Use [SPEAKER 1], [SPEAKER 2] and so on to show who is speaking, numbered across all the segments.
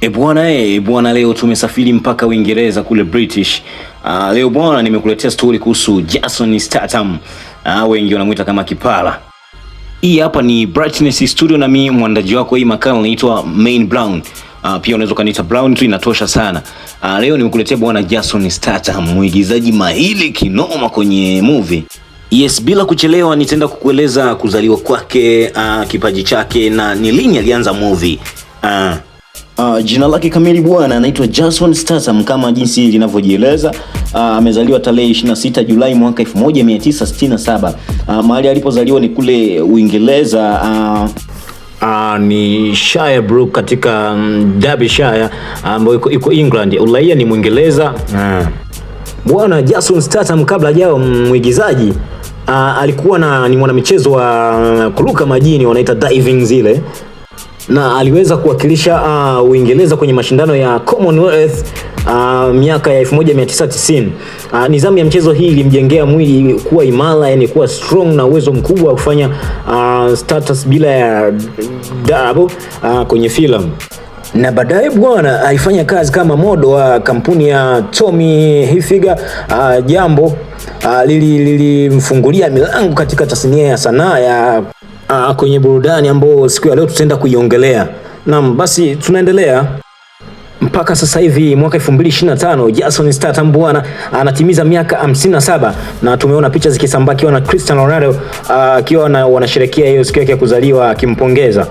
[SPEAKER 1] E bwana e, bwana leo tumesafiri mpaka Uingereza kule British. Uh, leo bwana nimekuletea story kuhusu Jason Statham. Uh, wengi wanamuita kama Kipala. Hii hapa ni Brightness Studio na mimi mwandaji wako hii makala inaitwa Main Brown. Uh, pia unaweza kuniita Brown tu inatosha sana. Uh, leo nimekuletea bwana Jason Statham, muigizaji mahili kinoma kwenye movie. Yes, bila kuchelewa nitaenda kukueleza kuzaliwa kwake, uh, kipaji chake na ni lini alianza movie. Uh, Uh, jina lake kamili bwana anaitwa Jason Statham kama jinsi linavyojieleza. Uh, amezaliwa tarehe 26 Julai mwaka 1967. Uh, ah, mahali alipozaliwa ni kule Uingereza. Uh,
[SPEAKER 2] Uh, ni Brook katika um, Derbyshire ambayo um, iko England. Uraia ni Mwingereza. mm.
[SPEAKER 1] bwana Jason Statham kabla hajao mwigizaji uh, alikuwa na, ni mwanamichezo wa mm, kuruka majini wanaita diving zile na aliweza kuwakilisha uh, Uingereza kwenye mashindano ya Commonwealth uh, miaka ya 1990. Uh, nizamu ya mchezo hii ilimjengea mwili kuwa imara, yani kuwa strong na uwezo mkubwa wa kufanya uh, status bila ya dabu uh, kwenye filamu na baadaye bwana alifanya kazi kama modo wa kampuni ya Tommy Hilfiger uh, jambo uh, lilimfungulia lili milango katika tasnia ya sanaa ya aa, ah, kwenye burudani ambayo siku ya leo tutaenda kuiongelea. Naam, basi tunaendelea mpaka sasa hivi mwaka 2025 Jason Star Tambuana anatimiza miaka 57 na tumeona picha zikisambaa akiwa na Cristiano Ronaldo ah, akiwa uh, na wanasherekea hiyo siku yake ya kuzaliwa akimpongeza.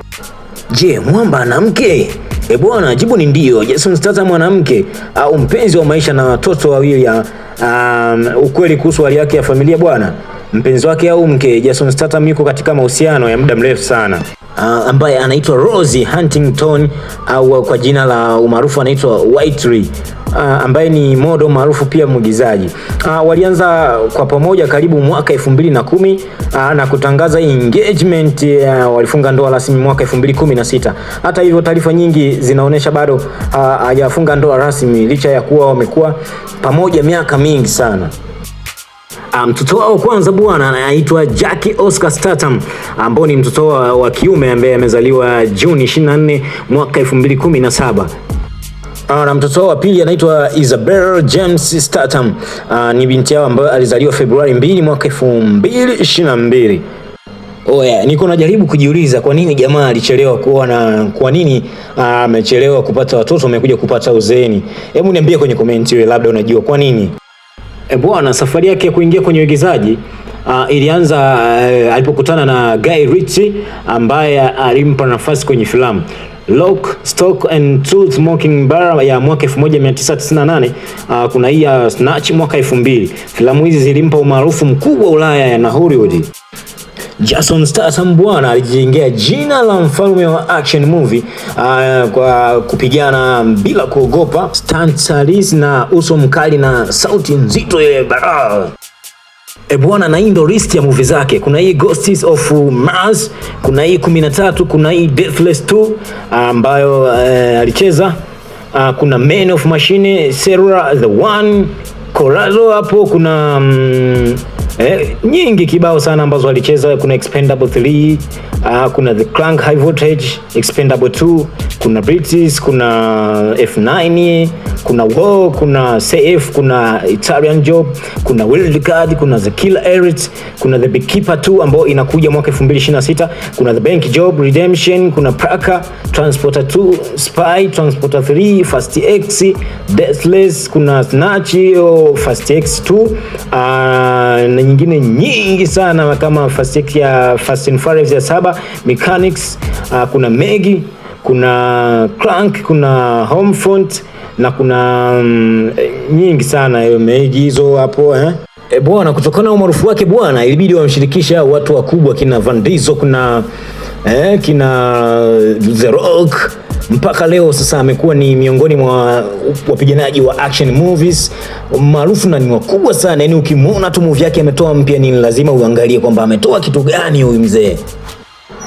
[SPEAKER 1] Je, mwamba na mke? E bwana, jibu ni ndio. Jason Statham mwanamke au ah, mpenzi wa maisha na watoto wawili ya um, ukweli kuhusu hali yake ya familia bwana Mpenzi wake au mke Jason Statham yuko katika mahusiano ya muda mrefu sana uh, ambaye anaitwa Rosie Huntington au kwa jina la umaarufu anaitwa Whitley uh, ah, ambaye ni modo maarufu pia mwigizaji uh, walianza kwa pamoja karibu mwaka 2010 uh, na kutangaza engagement uh, walifunga ndoa rasmi mwaka 2016. Hata hivyo, taarifa nyingi zinaonyesha bado hajafunga uh, ndoa rasmi licha ya kuwa wamekuwa pamoja miaka mingi sana. Um, mtoto wao kwanza bwana anaitwa Jackie Oscar Statham ambao ni mtoto wa kiume ambaye amezaliwa Juni 24 mwaka 2017 ah, na mtoto wa pili anaitwa Isabel James Statham. Uh, ni binti yao ambayo alizaliwa Februari 2 mwaka 2022. Oh yeah, niko najaribu kujiuliza kwa nini jamaa alichelewa kuwa na kwa nini ah, amechelewa uh, kupata watoto amekuja kupata uzeeni. Hebu niambie kwenye komenti wewe, labda unajua kwa nini. E bwana, safari yake ya kuingia kwenye uigizaji Uh, ilianza uh, alipokutana na Guy Ritchie ambaye alimpa nafasi kwenye filamu Lock, Stock and Two Smoking Barrel ya mwaka 1998. Uh, ah, kuna hii ya Snatch mwaka 2000. Filamu hizi zilimpa umaarufu mkubwa Ulaya na Hollywood. Jason Statham bwana alijijengea jina la mfalme wa action movie uh, kwa kupigana bila kuogopa, stunts halisi na uso mkali na sauti nzito ya bara E bwana, na hii ndo list ya movie zake. Kuna hii Ghosts of Mars, kuna hii 13, kuna hii Deathless 2 uh, ambayo uh, alicheza uh, kuna Man of Machine, Serra the One, Corazon hapo kuna um, eh, nyingi kibao sana ambazo walicheza Kuna Expendable 3, uh, ah, kuna The Crank High Voltage, Expendable 2, kuna British, kuna F9, kuna War, kuna CF, kuna Italian Job, kuna Wild Card, kuna The Killer Elite, kuna The Beekeeper 2 ambayo inakuja mwaka 2026, kuna The Bank Job, Redemption, kuna Praka, Transporter 2, Spy, Transporter 3, Fast X, Deathless, kuna Snatch, Fast X 2, uh, ah, na nyingine nyingi sana kama Fast X ya Fast and Furious ya saba, Mechanics, uh, kuna megi kuna Crank, kuna Homefront na kuna um, nyingi sana hiyo Megi hizo hapo eh. E bwana, kutokana na umaarufu wake bwana, ilibidi wamshirikisha watu wakubwa, kina Van Diesel, kuna eh, kina The Rock mpaka leo sasa amekuwa ni miongoni mwa wapiganaji wa action movies maarufu na ni wakubwa sana. Yani ukimwona tu movie yake ametoa mpya, ni lazima uangalie kwamba ametoa kitu gani huyu mzee.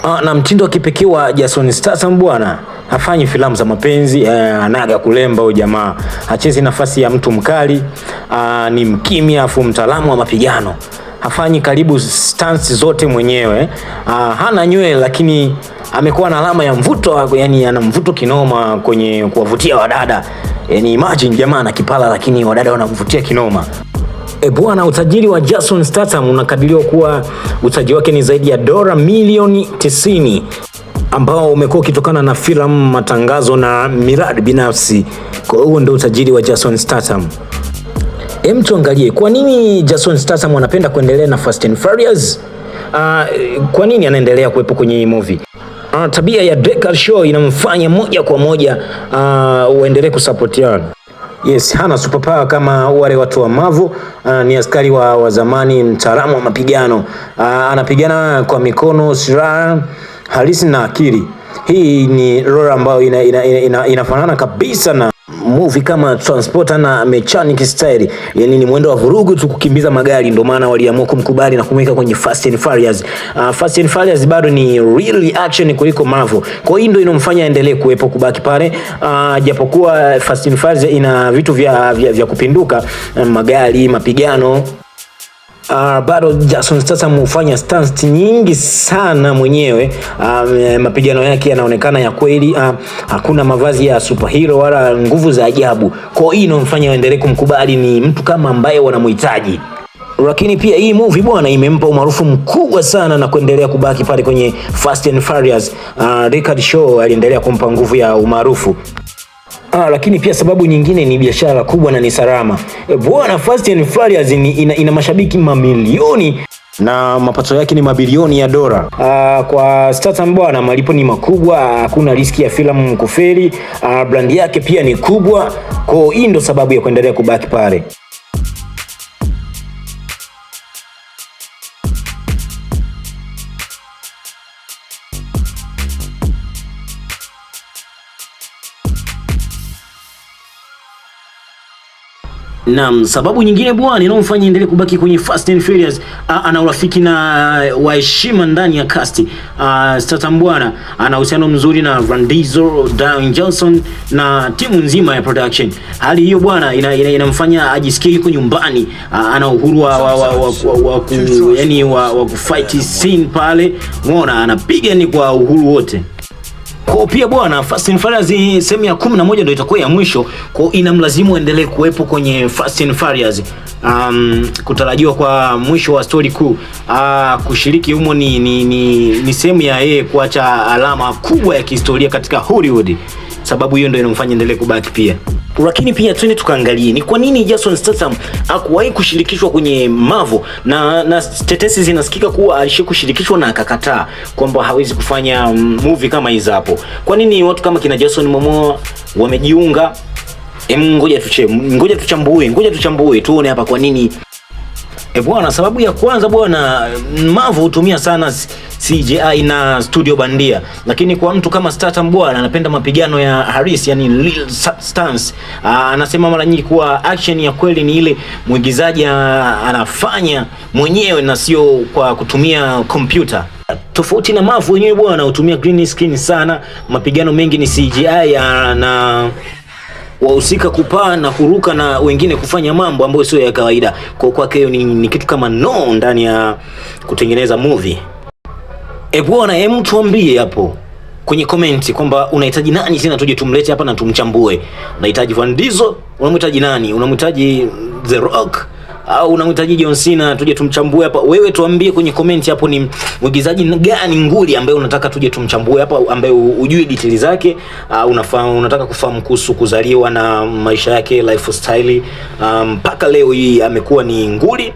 [SPEAKER 1] Ah, na mtindo wa kipekee wa Jason Statham bwana, hafanyi filamu za mapenzi eh, anaga kulemba huyu jamaa, hachezi nafasi ya mtu mkali ah, ni mkimya afu mtaalamu wa mapigano, hafanyi karibu stance zote mwenyewe ah, hana nywele lakini amekuwa na alama ya mvuto, yani ana mvuto kinoma kwenye kuwavutia wadada. Yani imagine jamaa ana kipala lakini wadada wanamvutia kinoma. E bwana, utajiri wa Jason Statham unakadiriwa kuwa utajiri wake ni zaidi ya dola milioni 90 ambao umekuwa ukitokana na filamu, matangazo na miradi binafsi. Kwa hiyo ndio utajiri wa Jason Statham. Hem, tuangalie kwa nini Jason Statham anapenda kuendelea na Fast and Furious. Uh, kwa nini anaendelea kuwepo kwenye hii movie? uh, tabia ya Dekar Show inamfanya moja kwa moja uh, uendelee kusapotiana. Yes, hana superpower kama wale watu wa Mavu. Uh, ah, ni askari wa, wa zamani, mtaalamu wa mapigano uh, anapigana kwa mikono, silaha halisi na akili. Hii ni role ambayo inafanana ina, ina, ina, ina kabisa na movie kama Transporter na Mechanic Style, yani ni mwendo wa vurugu tu, kukimbiza magari, ndio maana waliamua kumkubali na kumweka kwenye Fast and Furious. Uh, Fast and Furious bado ni real action kuliko Marvel, kwa hiyo ndio inomfanya aendelee kuwepo kubaki pale uh, japokuwa Fast and Furious ina vitu vya, vya, vya kupinduka, magari, mapigano Uh, bado Jason Statham mufanya stunts nyingi sana mwenyewe. Um, mapigano yake yanaonekana ya kweli. Uh, hakuna mavazi ya superhero wala nguvu za ajabu, kwa hiyo inomfanya waendelee kumkubali ni mtu kama ambaye wanamhitaji lakini pia hii movie bwana imempa umaarufu mkubwa sana na kuendelea kubaki pale kwenye Fast and Furious. Uh, Richard Shaw aliendelea kumpa nguvu ya umaarufu. Ah, lakini pia sababu nyingine ni biashara kubwa na ni salama. Eh, bwana Fast and Furious ina, ina mashabiki mamilioni na mapato yake ni mabilioni ya dola. Ah, kwa Statham bwana, malipo ni makubwa, hakuna riski ya filamu kufeli. Ah, brandi yake pia ni kubwa, kwa hiyo hii ndo sababu ya kuendelea kubaki pale. Naam, sababu nyingine bwana inayomfanya endelee kubaki kwenye Fast and Furious, ana urafiki na uh, waheshima ndani ya kasti. Uh, Statham bwana ana uhusiano mzuri na Vin Diesel, Dwayne Johnson na timu nzima ya production. Hali hiyo bwana inamfanya ina, ina ajisikie yuko nyumbani. Uh, ana uhuru wa wa, wa, wa, wa, wa, ku, yani wa, wa kufight scene pale. Muona anapiga ni kwa uhuru wote. Kwa pia bwana, Fast and Furious sehemu ya 11 ndio itakuwa ya mwisho, kwa inamlazimu endelee kuwepo kwenye Fast and Furious. Um, kutarajiwa kwa mwisho wa story kuu. Uh, kushiriki humo ni, ni, ni, ni sehemu ya yeye kuacha alama kubwa ya kihistoria katika Hollywood sababu hiyo ndio inamfanya endelee kubaki pia. Lakini pia twende tukaangalie ni kwa nini Jason Statham hakuwahi kushirikishwa kwenye Marvel, na na tetesi zinasikika kuwa alishia kushirikishwa na akakataa kwamba hawezi kufanya mm, movie kama hizo hapo. Kwa nini watu kama kina Jason Momoa wamejiunga? Em, ngoja tuche, ngoja tuchambue, ngoja tuchambue tuone hapa kwa nini. E bwana, sababu ya kwanza bwana, Marvel hutumia sana CGI na studio bandia, lakini kwa mtu kama Statham bwana anapenda mapigano ya Harris, yani real stance. Ah, anasema mara nyingi kuwa action ya kweli ni ile mwigizaji anafanya mwenyewe na sio kwa kutumia kompyuta. Tofauti na Marvel wenyewe bwana hutumia green screen sana, mapigano mengi ni CGI ya, na wahusika kupaa na kuruka na wengine kufanya mambo ambayo sio ya kawaida. Kwa kwake hiyo ni, ni kitu kama no ndani ya kutengeneza movie. E bwana, hem, tuambie hapo kwenye komenti kwamba unahitaji nani tena tuje tumlete hapa na tumchambue. Unahitaji Van Diesel, unamhitaji nani? Unamhitaji The Rock au unamhitaji John Cena tuje tumchambue hapa? Wewe tuambie kwenye komenti hapo, ni mwigizaji gani nguli ambaye unataka tuje tumchambue hapa, ambaye ujui detail zake, unafahamu, unataka kufahamu kuhusu kuzaliwa na maisha yake, lifestyle um, mpaka um, leo hii amekuwa ni nguli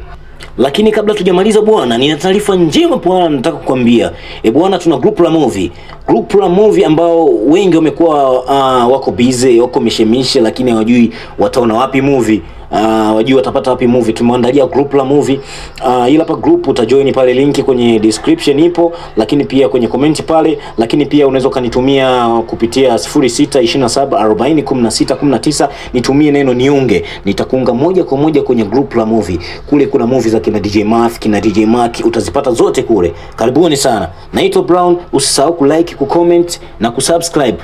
[SPEAKER 1] lakini kabla tujamaliza bwana, nina taarifa njema bwana, nataka kukwambia. E bwana, tuna group la movie group la movie ambao wengi wamekuwa uh, wako busy wako mishemishe, lakini hawajui wataona wapi movie uh, wajui watapata wapi movie. Tumeandalia group la movie uh, ila hapa group utajoin pale, link kwenye description ipo, lakini pia kwenye comment pale, lakini pia unaweza ukanitumia kupitia 0627401619 nitumie neno niunge, nitakuunga moja kwa moja kwenye group la movie. Kule kuna movie za kina DJ Math, kina DJ Mark, utazipata zote kule. Karibuni sana, naitwa Brown, usisahau ku like kucomment na kusubscribe.